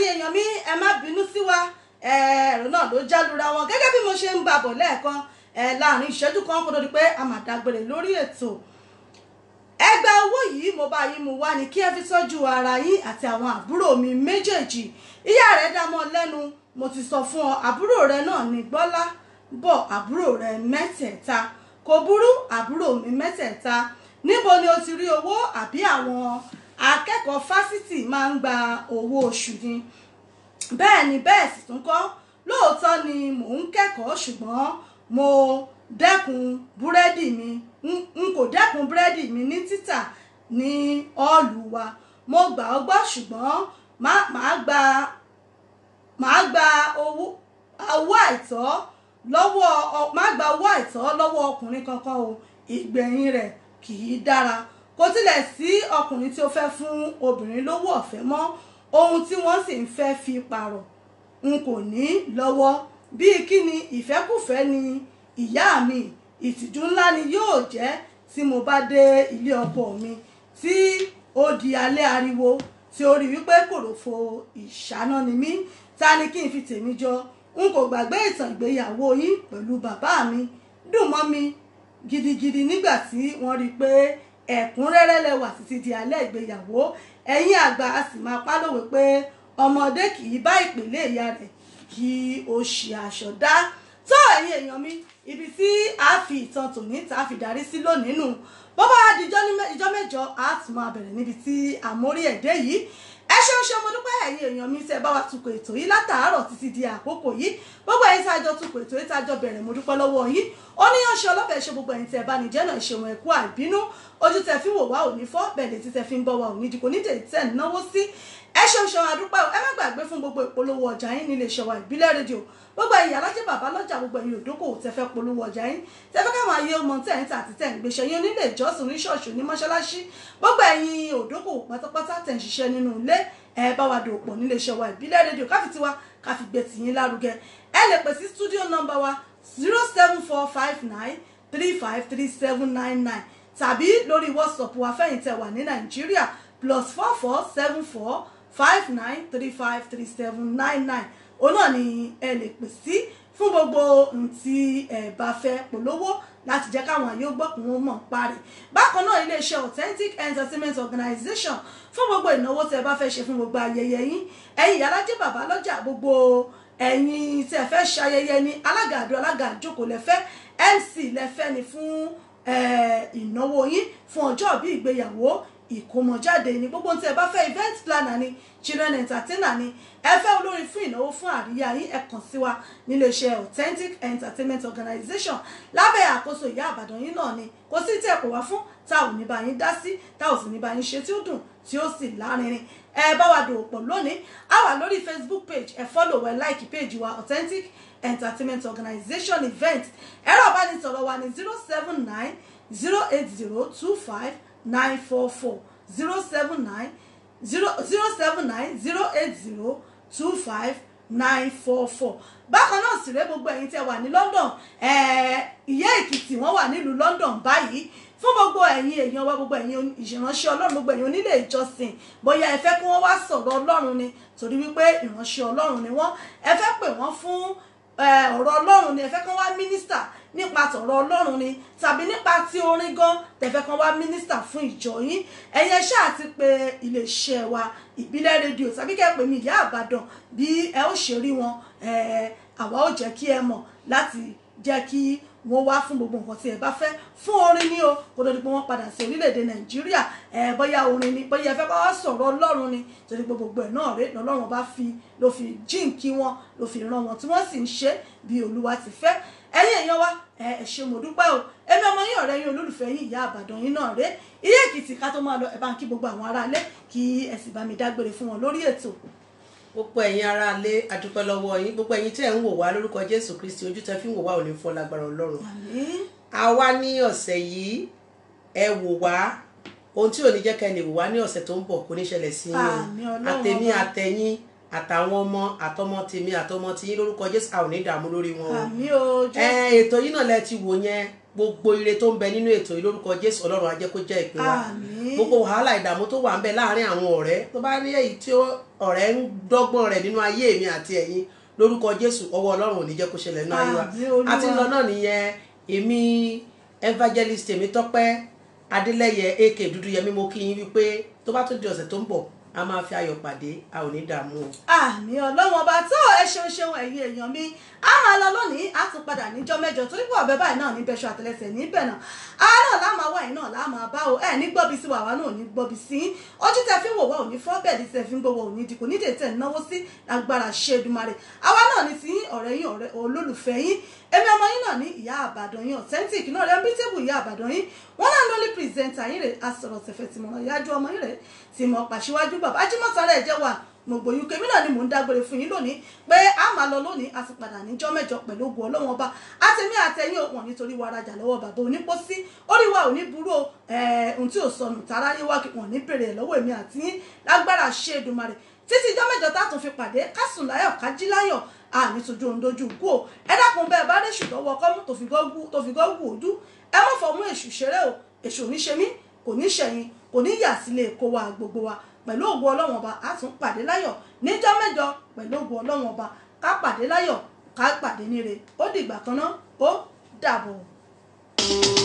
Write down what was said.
ẹ̀yin èèyàn mi ẹ má bínú sí wa ẹ̀rù náà ló jálura wọn gẹ́gẹ́ bí mo ṣe ń babọ̀ lẹ́ẹ̀kan láàrin ìṣẹ́jú kan kó tó di pé a máa dágbére lórí ètò ẹgbẹ́ owó yìí mo bá yín mu wá ní kí ẹ fi tọ́jú ara yín àti àwọn àbúrò mi méjèèjì ìyá rẹ̀ dá mọ́ lẹ́nu mo ti sọ fún ọ àbúrò rẹ náà ní gbọ́lá bọ̀ àbúrò rẹ mẹ́tẹ̀ẹ̀ta kò burú àbúrò mi mẹ́tẹ̀ẹ̀ta níbo ni o ti rí owó àbí àwọn akẹ́kọ̀ọ́ fásitì máa ń gba owó oṣù ni bẹ́ẹ̀ ni bẹ́ẹ̀ sì tún kọ́ lóòótọ́ ni mò ń kẹ́kọ̀ọ́ ṣùgbọ́n mo dẹ́kun búrẹ́dì mi n kò dẹ́kun búrẹ́dì mi ní títà ní ọ́ọ̀lù wa mo gbà ọ́ gbọ́ ṣùgbọ́n màá gba màá gba owó owó àìtọ́ lọ́wọ́ màá gba owó àìtọ́ lọ́wọ́ ọkùnrin kankan o ìgbẹ̀yìn rẹ̀ kì í dára kò tilẹ̀ sí ọkùnrin tí ó fẹ́ fún obìnrin lówó ọ̀fẹ́ mọ́ ohun tí wọ́n sì ń fẹ́ fi pààrọ̀ n kò ní lọ́wọ́ bíi kí ni ìfẹ́kùfẹ́ ni ìyá mi ìtìjú ńlá ni yóò jẹ́ tí mo bá dé ilé ọkọ mi tí ó di alẹ́ ariwo tí ó rí wípé kòròfo ìṣáná ni mí ta ni kí n fi tèmi jọ n kò gbàgbé ìtàn ìgbéyàwó yín pẹ̀lú bàbá mi dùn mọ́ mi gidigidi nígbà tí wọ́n rí i pé ẹ̀kúnrẹ́rẹ́ lẹwà títí di alẹ́ ìgbéyàwó ẹ̀yin àgbà a sì máa pálòwé pé ọmọdé kì í bá ìpínlẹ̀ ìyá rẹ̀ kí o ṣe aṣọ dá tó ẹ̀yin èèyàn mi ibi tí a fi ìtàn tòní tá a fi darí sí lónìí nù bó bá dijọ́ mẹ́jọ a tún máa bẹ̀rẹ̀ níbi tí àmórí ẹ̀dẹ́ yìí ẹ ṣeun ṣe mo dúpẹ́ ẹ̀yin èèyàn mi tẹ́ bá wa tukọ̀ ètò yìí látàárọ̀ títí di àkókò yìí gbogbo ẹ̀yin tá a jọ tukọ̀ ètò yìí tá a jọ bẹ̀rẹ̀ mo dúpẹ́ lọ́wọ́ yín oníyanṣe ọlọ́bẹ̀ ṣe gbogbo ẹ̀yin tẹ́ bá ní jẹ́ náà ṣeun ẹ̀kú àìbínú ojú tẹ́ fi wò wá òní fọ́ bẹ̀rẹ̀ tí tẹ́ fi ń bọ́ wa òní dìkò nídìí tẹ́ náwó sí ẹ ṣeun ṣeun àdúpẹ́ ẹ má fún gbogbo ìpolówó ọjà yín ní iléeṣẹ́ ìbílẹ̀ rédíò gbogbo ẹ̀yin alájẹ́ bàbá lọ́jà gbogbo ẹ̀yin òdókòwò tẹ́ fẹ́ polówó ọjà yín tẹ́ fẹ́ káwọn ayé ọmọ tẹ̀ ń tà àti tẹ̀ ń gbéṣẹ́ yín onílé ìjọsìn oníṣọ́ọ̀ṣì onímọ́ṣáláṣí gbogbo ẹ̀yin òdókòwò pátápátá tẹ̀ ń ṣiṣẹ́ nínú ilé ẹ bá wa dòpọ̀ ní iléeṣẹ́ wa ìbílẹ̀ rédíò káfi tiwa káfi gbé tìyín lárugẹ ẹ lè pè sí studio number wa zero seven four five nine three five three seven nine nine tàbí lórí whatsapp wa ní nàìjíríà plus four four seven four five nine three five three seven nine nine òun ni ẹ lè pè sí fún gbogbo ntí ẹ bá fẹ́ polówó láti jẹ́ káwọn yóò gbọ́ kí wọ́n mọ̀ parí bákan náà iléeṣẹ́ authentic entertainment organization fún gbogbo ìnáwó tẹ́ ẹ bá fẹ́ ṣe fún gbogbo ayẹyẹ yín ẹ̀yin alájẹ́ bàbá lọ́jà gbogbo ẹ̀yin tẹ́ ẹ fẹ́ ṣayẹyẹ ní alága àdó alága lẹ́fẹ́ mc lẹ́fẹ́ ni fún ìnáwó yín fún ọjọ́ ìbí ìgbéyàwó ìkómọjáde ni gbogbo tí ẹ bá fẹ́ event planner ni children entertainer ni ẹ fẹ́ olórin fún ìnáwó fún àríyá yín ẹ kàn sí wa níléeṣẹ́ authentic entertainment organization lábẹ́ àkóso ìyá àbàdàn yín náà ni kò sí tí ẹ kò wá fún tá ò ní bá yín dá sí tá ò sì ní bá yín ṣe tí ó dùn tí ó sì lárinrin ẹ bá wa dòwò pọ̀ lónìí a wà lórí facebook page ẹ follow ẹ like page wa authentic entertainment organization event ẹ̀rọ ìbánisọ̀rọ̀ wa ní zero seven nine zero eight zero two five nine four four zero seven nine zero zero seven nine zero eight zero two five nine four four bákan náà sì rẹ gbogbo ẹ̀yin tẹ́ wà ní London ìyá èkìtì wọ́n wà nílùú London báyìí fún gbogbo ẹ̀yin èèyàn wa gbogbo ẹ̀yin ìránṣẹ́ ọlọ́run gbogbo ẹ̀yin onílé ìjọsìn bóyá ẹ fẹ́ kí wọ́n wá sọ̀rọ̀ ọlọ́run ni torí wípé ìránṣẹ́ ọlọ́run ni wọ́n ẹ fẹ́ pè wọ́n fún Eh, ọ̀rọ̀ ọlọ́run ni ẹ fẹ́ kàn wá mínísítà nípa tọ̀rọ̀ ọlọ́run ni tàbí nípa ti orin gan tẹ̀fẹ́ kàn wá mínísítà fún ìjọ yín ẹ̀yẹ ṣáà ti pe iléeṣẹ́ wa ìbílẹ̀ rédíò tàbí kẹ́ pè mí ìyá àbàdàn bí ẹ ó ṣe rí wọn eh, àwa ó jẹ́ kí ẹ mọ̀ láti jẹ́ kí wọ́n wá fún gbogbo nǹkan tí ẹ bá fẹ́ fún orin ni o kó tó di pé wọ́n padà sí orílẹ̀-èdè nàìjíríà ẹ bóyá orin ni bóyá ẹ fẹ́ bá wá sọ̀rọ̀ ọlọ́run ni torí pé gbogbo ẹ̀ náà rè lọ́lọ́run bá fi ló fi jíǹkí wọn ló fi ràn wọn tí wọ́n sì ń ṣe bí olúwa ti fẹ́ ẹ̀yin èèyàn wa ẹ ṣé mo dúpẹ́ o èmi ọmọ yín ọ̀rẹ́ yín olólùfẹ́ yín ìyá àbàdàn yín náà rè ilé èkìtì ká tó máa lọ ẹ bá ń kí gbogbo àwọn aráalé kí ẹ sì bá mi dágbére fún wọn lórí ètò gbogbo ẹ̀yin ará alẹ́ àdúpẹ́ lọ́wọ́ yín gbogbo ẹ̀yin tẹ́ ẹ̀ ń wò wá lórúkọ jésù kristi ojú tẹ́ fi ń wò wá ò ní fọ́ lágbára ọlọ́run àwa ní ọ̀sẹ̀ yìí ẹ wò wá ohun tí ò ní jẹ́ kẹ́ lè wò wá ní ọ̀sẹ̀ tó ń bọ̀ kò ní ṣẹlẹ̀ sí yín àtẹ̀mí àtẹ̀yìn àtàwọn ọmọ àtọmọ tèmi àtọmọ tiyín lórúkọ jésù a ò ní dààmú lórí wọn o ẹ ètò yìí náà lẹ ti wò yẹn gbogbo ire tó ń bẹ nínú ètò yìí lórúkọ jésù ọlọ́run á jẹ́ gbogbo wàhálà ìdààmú tó wà ń bẹ láàrin àwọn ọ̀rẹ́ tó bá rí èyí tí ọ̀rẹ́ ń dọ́gbọ́n rẹ̀ nínú ayé mi àti ẹ̀yin lórúkọ Jésù ọwọ́ Ọlọ́run ò ní jẹ́ kó ṣẹlẹ̀ náà yíwá àti lọ náà nìyẹn èmi evangelist Tèmítọ́pẹ́ Adélẹ́yẹ aka Dúdúyẹmí mo kí yín wípé tó bá tó di ọ̀sẹ̀ tó ń bọ̀ a máa fi ayọ̀ pàdé a ò ní dààmú o. àmì ọlọ́wọ́n bá tó ẹ ṣeun ṣeun ẹ̀yin èèyàn mi a máa lọ lónìí a tún padà níjọ́ mẹ́jọ torí pé ọ̀bẹ báyìí náà níbẹ̀ ṣọ àtẹlẹsẹ̀ níbẹ̀ náà a náà láàmú àwa yìí náà láàmú àbá o ẹ ní gbọ́bi sí wàwa náà ò ní gbọ́bi sí ojú tẹ fi ń wò wá òní fọ́ bẹ́ẹ̀ ni tẹ fi ń gbowó òní dìkò ní tètè náwó sí agbára ṣèdùmarè àwa náà ní tiyín ọ̀rẹ́ yín ọ̀rẹ́ olólùfẹ́ yín èmi ọmọ yín náà ní ìyá àbàdàn yín authentic náà rẹ bí tébù ìyá àbàdàn yín wọn náà ló ní pírẹsẹ̀ntà yín rè asọ̀rọ̀ tẹ̀fẹ̀ tìmọ̀ yájú ọmọ yín rè tìmọ̀ pàṣíwájú bàbá ajímọ̀sára ẹ̀jẹ̀ wa gbogbo yìí kèmí náà ni mò ń dágbére fún yín lónìí pé a máa lọ lónìí a sì padà níjọ́ mẹ́jọ pẹ̀lú ògùn ọlọ́wọ́n ọba àtẹ̀mí àtẹ̀yìn òun nítorí wa rajà lọ́wọ́ bàbá onípòsí orí wa ò ní burú ohun tí ò sọnù tààrà yín wá kí wọn ní bèrè lọ́wọ́ èmi àti yín lágbára ṣe Èdùmàrè títí ìjọ́ mẹ́jọ tá a tún fi pàdé kásùn láyọ̀ kájí láyọ̀ àní tójú òun dojú kú o ẹ dákun bẹ́ẹ̀ bá dé èṣù ṣeré o èṣù pẹ̀lú ògo ọlọ́run ọba a tún pàdé láyọ̀ níjọ́ mẹ́jọ pẹ̀lú ògo ọlọ́run ọba ká pàdé láyọ̀ ká pàdé níre ó dìgbà kan náà ó dàbọ̀. thank you